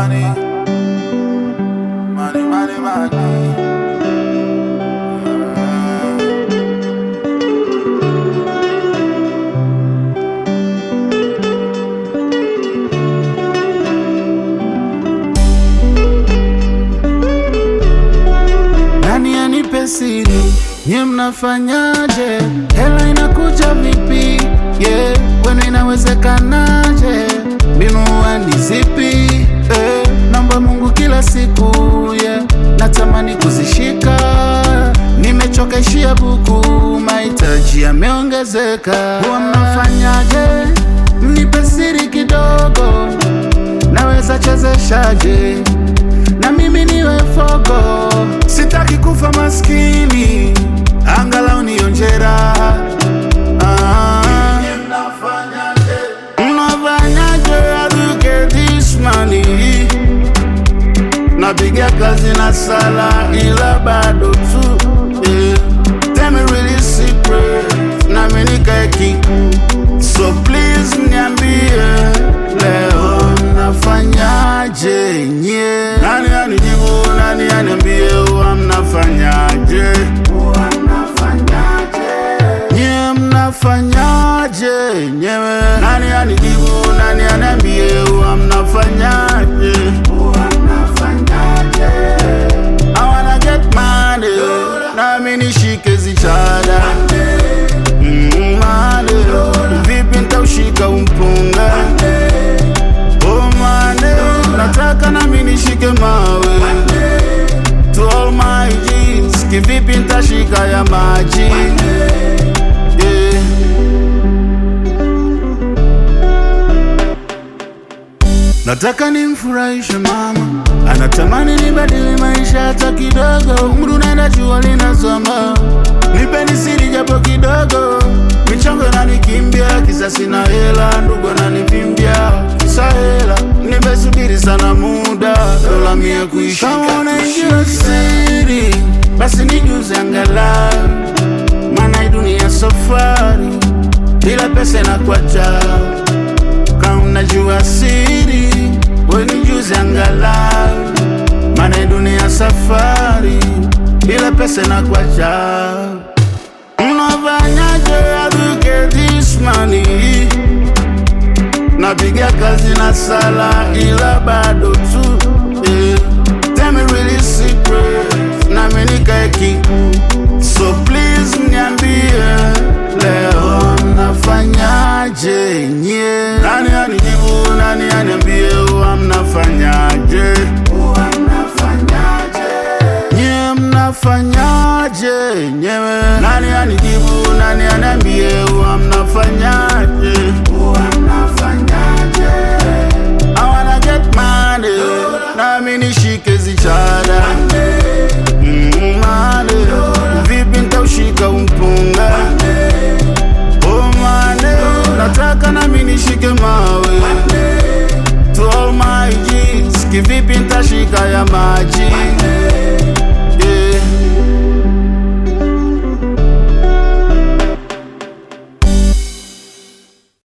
money, money, money, money. Nani anipe siri? Nye mnafanyaje? Hela inakuja vi siku yeah. Natamani kuzishika, nimechoka ishia buku, mahitaji yameongezeka. Huwa mnafanyaje? Mnipe siri kidogo, naweza chezeshaje na mimi niwe fogo? Sitaki kufa maskini, angalau nionje Napiga kazi na sala ila bado tu mune omane nataka nami nishike mawe to all my jeans, kivipi ntashika ya maji Nataka nimfurahishe mama, anatamani nibadili maisha hata kidogo. Umri unaenda, jua linazama, nipeni siri japo kidogo, michango inanikimbia, kisa sina Kama unaijua siri, basi nijuze angalau, maana dunia safari, bila pesa inakuwa chao. Kama unajua siri, we nijuze angalau, maana dunia safari, bila pesa inakuwa chao. Unafanyaje to get this money? Napiga kazi na sala ila bado So please niambie leo mnafanyaje nye? Nani anijibu? Nani aniambie huwa mnafanyaje? Nye mnafanyaje nyewe? Nani anijibu? Nani aniambie huwa mnafanyaje? maji